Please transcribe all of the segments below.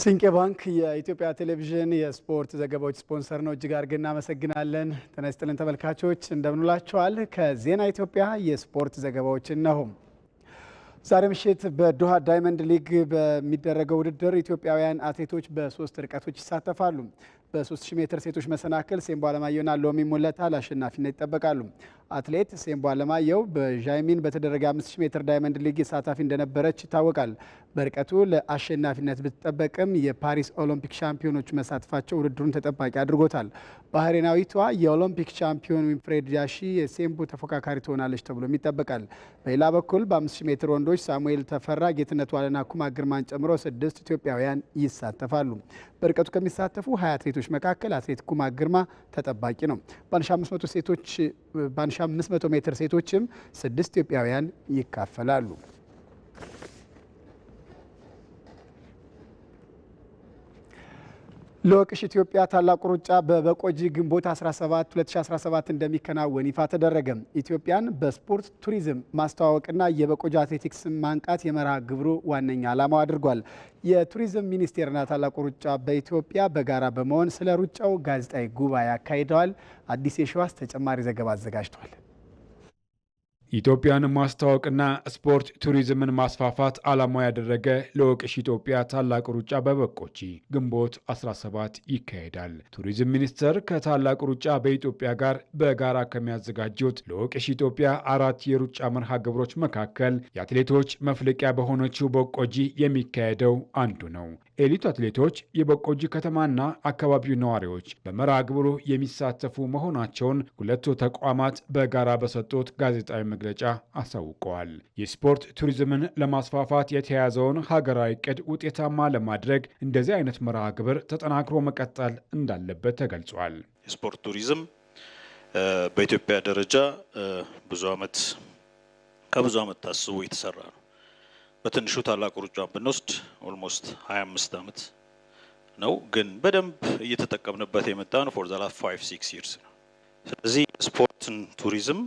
ሲንቄ ባንክ የኢትዮጵያ ቴሌቪዥን የስፖርት ዘገባዎች ስፖንሰር ነው። እጅግ አድርገን እናመሰግናለን። ጤና ይስጥልን ተመልካቾች፣ እንደምንላችኋል። ከዜና ኢትዮጵያ የስፖርት ዘገባዎች እነሆ። ዛሬ ምሽት በዶሃ ዳይመንድ ሊግ በሚደረገው ውድድር ኢትዮጵያውያን አትሌቶች በሶስት ርቀቶች ይሳተፋሉ። በ3000 ሜትር ሴቶች መሰናክል ሴምቦ አለማየሁና ሎሚ ሙለታ ለአሸናፊነት ይጠበቃሉ። አትሌት ሴምቦ አለማየሁ በዣይሚን በተደረገ 5000 ሜትር ዳይመንድ ሊግ ተሳታፊ እንደነበረች ይታወቃል። በርቀቱ ለአሸናፊነት ብትጠበቅም የፓሪስ ኦሎምፒክ ሻምፒዮኖች መሳተፋቸው ውድድሩን ተጠባቂ አድርጎታል። ባህሬናዊቷ የኦሎምፒክ ሻምፒዮን ዊንፍሬድ ጃሺ የሴምቡ ተፎካካሪ ትሆናለች ተብሎም ይጠበቃል። በሌላ በኩል በ5000 ሜትር ወንዶች ሳሙኤል ተፈራ፣ ጌትነት ዋለና ኩማ ግርማን ጨምሮ ስድስት ኢትዮጵያውያን ይሳተፋሉ። በርቀቱ ከሚሳተፉ ሀያ አትሌቶች መካከል አትሌት ኩማ ግርማ ተጠባቂ ነው። በ1500 ሜትር ሴቶችም ስድስት ኢትዮጵያውያን ይካፈላሉ። ለወቅሽ ኢትዮጵያ ታላቁ ሩጫ በበቆጂ ግንቦት 17 2017 እንደሚከናወን ይፋ ተደረገ። ኢትዮጵያን በስፖርት ቱሪዝም ማስተዋወቅና የበቆጂ አትሌቲክስ ማንቃት የመርሃ ግብሩ ዋነኛ ዓላማው አድርጓል። የቱሪዝም ሚኒስቴርና ታላቁ ሩጫ በኢትዮጵያ በጋራ በመሆን ስለ ሩጫው ጋዜጣዊ ጉባኤ አካሂደዋል። አዲስ የሸዋስ ተጨማሪ ዘገባ አዘጋጅቷል። ኢትዮጵያን ማስተዋወቅና ስፖርት ቱሪዝምን ማስፋፋት ዓላማው ያደረገ ለወቅሽ ኢትዮጵያ ታላቅ ሩጫ በበቆቺ ግንቦት 17 ይካሄዳል። ቱሪዝም ሚኒስቴር ከታላቅ ሩጫ በኢትዮጵያ ጋር በጋራ ከሚያዘጋጁት ለወቅሽ ኢትዮጵያ አራት የሩጫ መርሃ ግብሮች መካከል የአትሌቶች መፍለቂያ በሆነችው በቆጂ የሚካሄደው አንዱ ነው። ኤሊቱ አትሌቶች፣ የበቆጂ ከተማና አካባቢው ነዋሪዎች በመርሃ ግብሩ የሚሳተፉ መሆናቸውን ሁለቱ ተቋማት በጋራ በሰጡት ጋዜጣዊ መግለጫ አሳውቀዋል። የስፖርት ቱሪዝምን ለማስፋፋት የተያዘውን ሀገራዊ እቅድ ውጤታማ ለማድረግ እንደዚህ አይነት መርሃ ግብር ተጠናክሮ መቀጠል እንዳለበት ተገልጿል። የስፖርት ቱሪዝም በኢትዮጵያ ደረጃ ብዙ ዓመት ከብዙ ዓመት ታስቦ የተሰራ ነው። በትንሹ ታላቁ ሩጫ ብንወስድ ኦልሞስት 25 ዓመት ነው፣ ግን በደንብ እየተጠቀምንበት የመጣን ፎር ዘ ላስት ፋይቭ ሲክስ ይርስ ነው። ስለዚህ ስፖርትን ቱሪዝም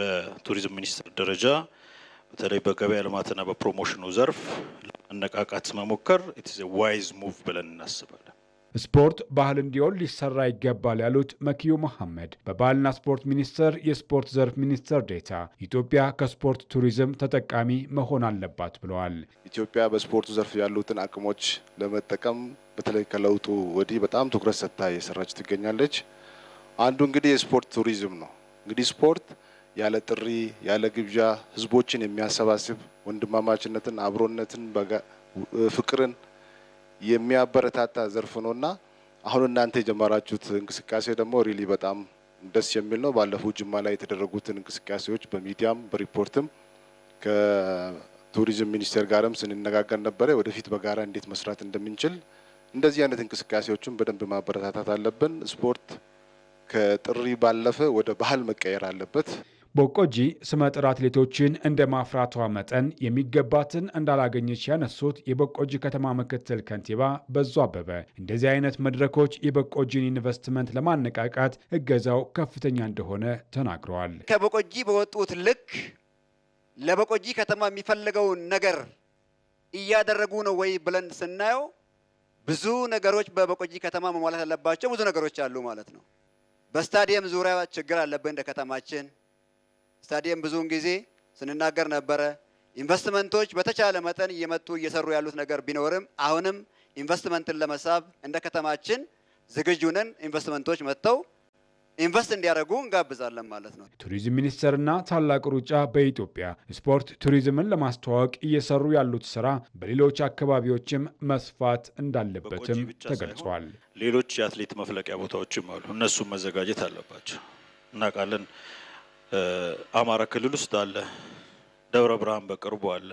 በቱሪዝም ሚኒስቴር ደረጃ በተለይ በገበያ ልማትና በፕሮሞሽኑ ዘርፍ ለነቃቃት መሞከር ኢትስ ዋይዝ ሙቭ ብለን እናስባለን። ስፖርት ባህል እንዲሆን ሊሰራ ይገባል ያሉት መኪዩ መሐመድ በባህልና ስፖርት ሚኒስቴር የስፖርት ዘርፍ ሚኒስትር ዴታ ኢትዮጵያ ከስፖርት ቱሪዝም ተጠቃሚ መሆን አለባት ብለዋል። ኢትዮጵያ በስፖርቱ ዘርፍ ያሉትን አቅሞች ለመጠቀም በተለይ ከለውጡ ወዲህ በጣም ትኩረት ሰጥታ እየሰራች ትገኛለች። አንዱ እንግዲህ የስፖርት ቱሪዝም ነው። እንግዲህ ስፖርት ያለ ጥሪ ያለ ግብዣ ህዝቦችን የሚያሰባስብ ወንድማማችነትን፣ አብሮነትን፣ ፍቅርን የሚያበረታታ ዘርፍ ነውና አሁን እናንተ የጀመራችሁት እንቅስቃሴ ደግሞ ሪሊ በጣም ደስ የሚል ነው። ባለፈው ጅማ ላይ የተደረጉትን እንቅስቃሴዎች በሚዲያም በሪፖርትም ከቱሪዝም ሚኒስቴር ጋርም ስንነጋገር ነበረ። ወደፊት በጋራ እንዴት መስራት እንደምንችል እንደዚህ አይነት እንቅስቃሴዎችን በደንብ ማበረታታት አለብን። ስፖርት ከጥሪ ባለፈ ወደ ባህል መቀየር አለበት። ቦቆጂ ስመጥር አትሌቶችን እንደ ማፍራቷ መጠን የሚገባትን እንዳላገኘች ያነሱት የቦቆጂ ከተማ ምክትል ከንቲባ በዙ አበበ እንደዚህ አይነት መድረኮች የቦቆጂን ኢንቨስትመንት ለማነቃቃት እገዛው ከፍተኛ እንደሆነ ተናግረዋል። ከቦቆጂ በወጡት ልክ ለቦቆጂ ከተማ የሚፈልገውን ነገር እያደረጉ ነው ወይ ብለን ስናየው ብዙ ነገሮች በቦቆጂ ከተማ መሟላት ያለባቸው ብዙ ነገሮች አሉ ማለት ነው። በስታዲየም ዙሪያ ችግር አለብን እንደ ከተማችን ስታዲየም ብዙውን ጊዜ ስንናገር ነበረ። ኢንቨስትመንቶች በተቻለ መጠን እየመጡ እየሰሩ ያሉት ነገር ቢኖርም አሁንም ኢንቨስትመንትን ለመሳብ እንደ ከተማችን ዝግጁ ነን። ኢንቨስትመንቶች መጥተው ኢንቨስት እንዲያደርጉ እንጋብዛለን ማለት ነው። ቱሪዝም ሚኒስቴርና ታላቅ ሩጫ በኢትዮጵያ ስፖርት ቱሪዝምን ለማስተዋወቅ እየሰሩ ያሉት ስራ በሌሎች አካባቢዎችም መስፋት እንዳለበትም ተገልጿል። ሌሎች የአትሌት መፍለቂያ ቦታዎችም አሉ። እነሱም መዘጋጀት አለባቸው። እናውቃለን አማራ ክልል ውስጥ አለ፣ ደብረ ብርሃን በቅርቡ አለ፣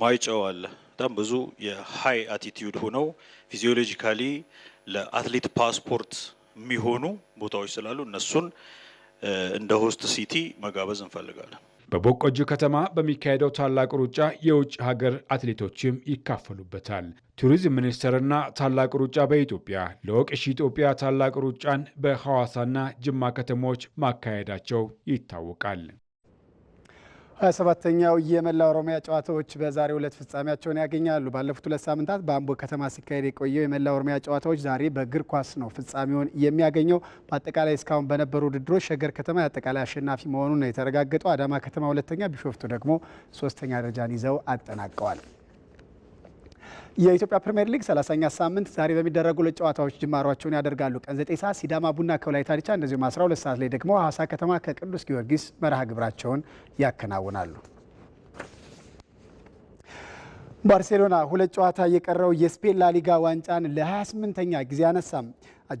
ማይጨው አለ። በጣም ብዙ የሀይ አቲቲዩድ ሆነው ፊዚዮሎጂካሊ ለአትሌት ፓስፖርት የሚሆኑ ቦታዎች ስላሉ እነሱን እንደ ሆስት ሲቲ መጋበዝ እንፈልጋለን። በቦቆጅ ከተማ በሚካሄደው ታላቅ ሩጫ የውጭ ሀገር አትሌቶችም ይካፈሉበታል። ቱሪዝም ሚኒስቴርና ታላቅ ሩጫ በኢትዮጵያ ለወቅሽ ኢትዮጵያ ታላቅ ሩጫን በሐዋሳና ጅማ ከተሞች ማካሄዳቸው ይታወቃል። 27ተኛው የመላ ኦሮሚያ ጨዋታዎች በዛሬ ሁለት ፍጻሜያቸውን ያገኛሉ። ባለፉት ሁለት ሳምንታት በአምቦ ከተማ ሲካሄድ የቆየው የመላ ኦሮሚያ ጨዋታዎች ዛሬ በእግር ኳስ ነው ፍጻሜውን የሚያገኘው። በአጠቃላይ እስካሁን በነበሩ ውድድሮች ሸገር ከተማ የአጠቃላይ አሸናፊ መሆኑን ነው የተረጋገጠው። አዳማ ከተማ ሁለተኛ፣ ቢሾፍቱ ደግሞ ሶስተኛ ደረጃን ይዘው አጠናቀዋል። የኢትዮጵያ ፕሪምየር ሊግ 30ኛ ሳምንት ዛሬ በሚደረጉ ሁለት ጨዋታዎች ጅማሯቸውን ያደርጋሉ። ቀን 9 ሰዓት ሲዳማ ቡና ከወላይታ ዲቻ፣ እንደዚሁም 12 ሰዓት ላይ ደግሞ ሐዋሳ ከተማ ከቅዱስ ጊዮርጊስ መርሃ ግብራቸውን ያከናውናሉ። ባርሴሎና ሁለት ጨዋታ የቀረው የስፔን ላሊጋ ዋንጫን ለ28ኛ ጊዜ አነሳም።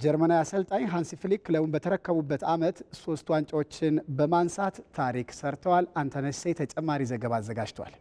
ጀርመናዊ አሰልጣኝ ሃንሲ ፍሊክ ክለቡን በተረከቡበት ዓመት ሶስት ዋንጫዎችን በማንሳት ታሪክ ሰርተዋል። አንተነሴ ተጨማሪ ዘገባ አዘጋጅቷል።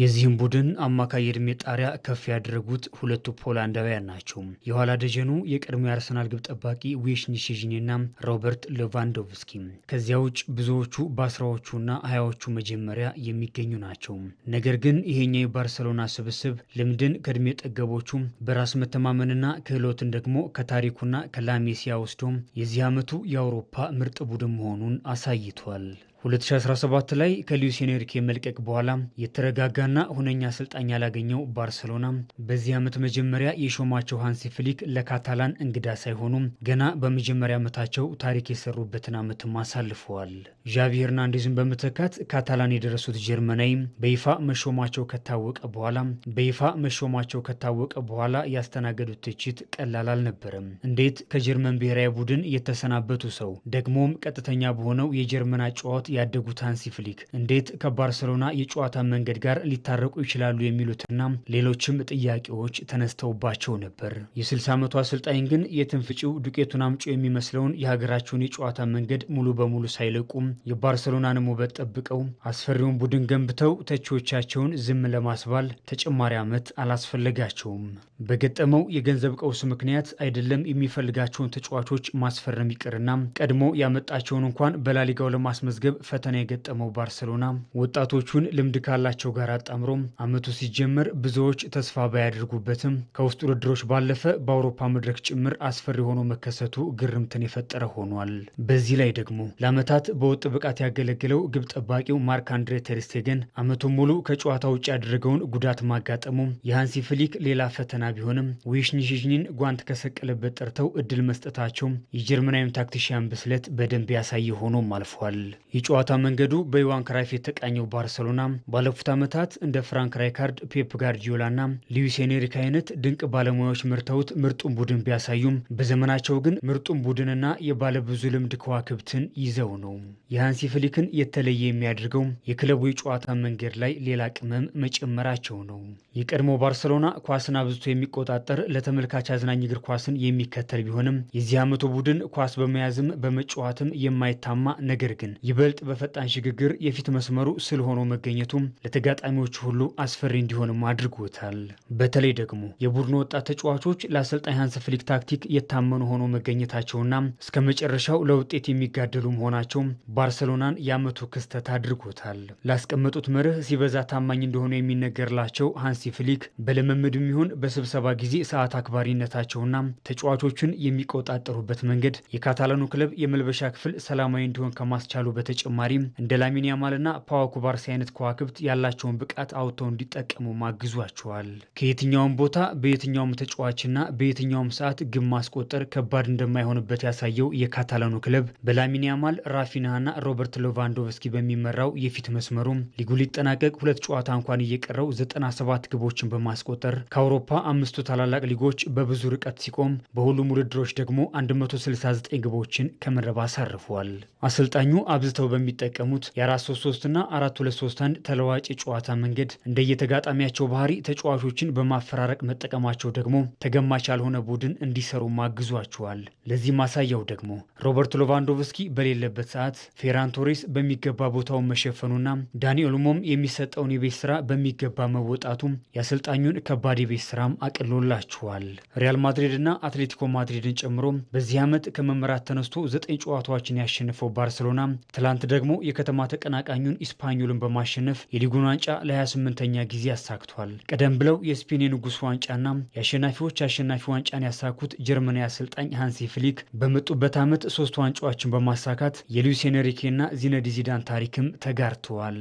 የዚህም ቡድን አማካይ እድሜ ጣሪያ ከፍ ያደረጉት ሁለቱ ፖላንዳውያን ናቸው። የኋላ ደጀኑ የቀድሞ የአርሰናል ግብ ጠባቂ ዌሽኒሽዥኒና ሮበርት ሌቫንዶቭስኪ። ከዚያ ውጭ ብዙዎቹ በአስራዎቹና ሀያዎቹ መጀመሪያ የሚገኙ ናቸው። ነገር ግን ይሄኛው የባርሰሎና ስብስብ ልምድን ከዕድሜ ጠገቦቹ በራስ መተማመንና ክህሎትን ደግሞ ከታሪኩና ከላሜሲያ ወስዶ የዚህ ዓመቱ የአውሮፓ ምርጥ ቡድን መሆኑን አሳይቷል። 2017 ላይ ከሉዊስ ኤንሪኬ መልቀቅ በኋላ የተረጋጋና ሁነኛ አሰልጣኝ ያላገኘው ባርሰሎና በዚህ ዓመት መጀመሪያ የሾማቸው ሃንሲ ፍሊክ ለካታላን እንግዳ ሳይሆኑም ገና በመጀመሪያ ዓመታቸው ታሪክ የሰሩበትን ዓመትም አሳልፈዋል። ዣቪ ሄርናንዴዝን በመተካት ካታላን የደረሱት ጀርመናዊ በይፋ መሾማቸው ከታወቀ በኋላ በይፋ መሾማቸው ከታወቀ በኋላ ያስተናገዱት ትችት ቀላል አልነበረም። እንዴት ከጀርመን ብሔራዊ ቡድን የተሰናበቱ ሰው ደግሞም ቀጥተኛ በሆነው የጀርመና ጨዋታ ያደጉት ሃንሲ ፍሊክ እንዴት ከባርሰሎና የጨዋታ መንገድ ጋር ሊታረቁ ይችላሉ የሚሉትና ሌሎችም ጥያቄዎች ተነስተውባቸው ነበር። የ60 ዓመቱ አሰልጣኝ ግን የትንፍጪው ዱቄቱን አምጮ የሚመስለውን የሀገራቸውን የጨዋታ መንገድ ሙሉ በሙሉ ሳይለቁም የባርሰሎናንም ውበት ጠብቀው አስፈሪውን ቡድን ገንብተው ተቺዎቻቸውን ዝም ለማስባል ተጨማሪ ዓመት አላስፈለጋቸውም። በገጠመው የገንዘብ ቀውስ ምክንያት አይደለም የሚፈልጋቸውን ተጫዋቾች ማስፈረም ይቅርና ቀድሞ ያመጣቸውን እንኳን በላሊጋው ለማስመዝገብ ፈተና የገጠመው ባርሴሎና ወጣቶቹን ልምድ ካላቸው ጋር አጣምሮ ዓመቱ ሲጀመር ብዙዎች ተስፋ ባያደርጉበትም ከውስጥ ውድድሮች ባለፈ በአውሮፓ መድረክ ጭምር አስፈሪ ሆኖ መከሰቱ ግርምትን የፈጠረ ሆኗል። በዚህ ላይ ደግሞ ለዓመታት በወጥ ብቃት ያገለግለው ግብ ጠባቂው ማርክ አንድሬ ተርስቴገን ዓመቱን ሙሉ ከጨዋታ ውጭ ያደረገውን ጉዳት ማጋጠሙ የሃንሲ ፍሊክ ሌላ ፈተና ቢሆንም ዊሽኒሽኒን ጓንት ከሰቀለበት ጠርተው እድል መስጠታቸው የጀርመናዊም ታክቲሽያን ብስለት በደንብ ያሳየ ሆኖም አልፏል። የጨዋታ መንገዱ በዮዋን ክራይፍ የተቃኘው ባርሰሎና ባለፉት ዓመታት እንደ ፍራንክ ራይካርድ፣ ፔፕ ጋርዲዮላና ሉዊስ ኤንሪክ አይነት ድንቅ ባለሙያዎች መርተውት ምርጡን ቡድን ቢያሳዩም በዘመናቸው ግን ምርጡን ቡድንና የባለብዙ ልምድ ከዋክብትን ይዘው ነው። የሃንሲ ፍሊክን የተለየ የሚያደርገው የክለቡ የጨዋታ መንገድ ላይ ሌላ ቅመም መጨመራቸው ነው። የቀድሞ ባርሰሎና ኳስን አብዝቶ የሚቆጣጠር ለተመልካች አዝናኝ እግር ኳስን የሚከተል ቢሆንም የዚህ ዓመቱ ቡድን ኳስ በመያዝም በመጫወትም የማይታማ ነገር ግን ይበልጥ በፈጣን ሽግግር የፊት መስመሩ ስለሆኖ መገኘቱም ለተጋጣሚዎቹ ሁሉ አስፈሪ እንዲሆንም አድርጎታል። በተለይ ደግሞ የቡድኑ ወጣት ተጫዋቾች ለአሰልጣኝ ሃንሲ ፍሊክ ታክቲክ የታመኑ ሆኖ መገኘታቸውና እስከ መጨረሻው ለውጤት የሚጋደሉ መሆናቸው ባርሰሎናን የዓመቱ ክስተት አድርጎታል። ላስቀመጡት መርህ ሲበዛ ታማኝ እንደሆኑ የሚነገርላቸው ሃንሲ ፍሊክ በልምምድም ይሁን በስብ ስብሰባ ጊዜ ሰዓት አክባሪነታቸውና ተጫዋቾችን የሚቆጣጠሩበት መንገድ የካታላኑ ክለብ የመልበሻ ክፍል ሰላማዊ እንዲሆን ከማስቻሉ በተጨማሪም እንደ ላሚን ያማልና ፓዋ ኩባርሲ አይነት ከዋክብት ያላቸውን ብቃት አውጥተው እንዲጠቀሙ ማግዟቸዋል። ከየትኛውም ቦታ በየትኛውም ተጫዋችና በየትኛውም ሰዓት ግብ ማስቆጠር ከባድ እንደማይሆንበት ያሳየው የካታላኑ ክለብ በላሚን ያማል፣ ራፊናና ሮበርት ሌቫንዶቭስኪ በሚመራው የፊት መስመሩ ሊጉ ሊጠናቀቅ ሁለት ጨዋታ እንኳን እየቀረው 97 ግቦችን በማስቆጠር ከአውሮፓ በአምስቱ ታላላቅ ሊጎች በብዙ ርቀት ሲቆም በሁሉም ውድድሮች ደግሞ 169 ግቦችን ከመረብ አሳርፏል። አሰልጣኙ አብዝተው በሚጠቀሙት የ433 እና 4231 ተለዋጭ የጨዋታ መንገድ እንደየተጋጣሚያቸው ባህሪ ተጫዋቾችን በማፈራረቅ መጠቀማቸው ደግሞ ተገማች ያልሆነ ቡድን እንዲሰሩ ማግዟቸዋል። ለዚህ ማሳያው ደግሞ ሮበርት ሎቫንዶቭስኪ በሌለበት ሰዓት ፌራን ቶሬስ በሚገባ ቦታውን መሸፈኑና ዳንኤል ሞም የሚሰጠውን የቤት ስራ በሚገባ መወጣቱም የአሰልጣኙን ከባድ የቤት ስራም አቅሎላችኋል። ሪያል ማድሪድና አትሌቲኮ ማድሪድን ጨምሮ በዚህ ዓመት ከመምራት ተነስቶ ዘጠኝ ጨዋታዎችን ያሸነፈው ባርሴሎና ትላንት ደግሞ የከተማ ተቀናቃኙን ኢስፓኞልን በማሸነፍ የሊጉን ዋንጫ ለ28ኛ ጊዜ አሳክቷል። ቀደም ብለው የስፔን የንጉሥ ዋንጫና የአሸናፊዎች አሸናፊ ዋንጫን ያሳኩት ጀርመን አሰልጣኝ ሃንሲ ፍሊክ በመጡበት ዓመት ሶስት ዋንጫዎችን በማሳካት የሉዊስ ኤንሪኬና ዚነዲ ዚዳን ታሪክም ተጋርተዋል።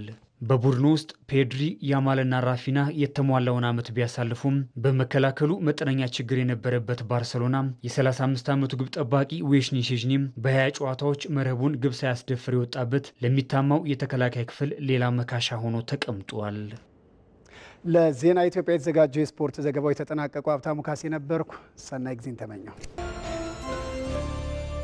በቡድኑ ውስጥ ፔድሪ ያማልና ራፊና የተሟላውን ዓመት ቢያሳልፉም በመከላከሉ መጠነኛ ችግር የነበረበት ባርሰሎና የ35 ዓመቱ ግብ ጠባቂ ዌሽኒ በሀያ ጨዋታዎች መረቡን ግብ ሳያስደፍር የወጣበት ለሚታማው የተከላካይ ክፍል ሌላ መካሻ ሆኖ ተቀምጧል። ለዜና ኢትዮጵያ የተዘጋጀው የስፖርት ዘገባው የተጠናቀቁ። ሀብታሙ ካሴ ነበርኩ። ሰናይ ጊዜን ተመኘው።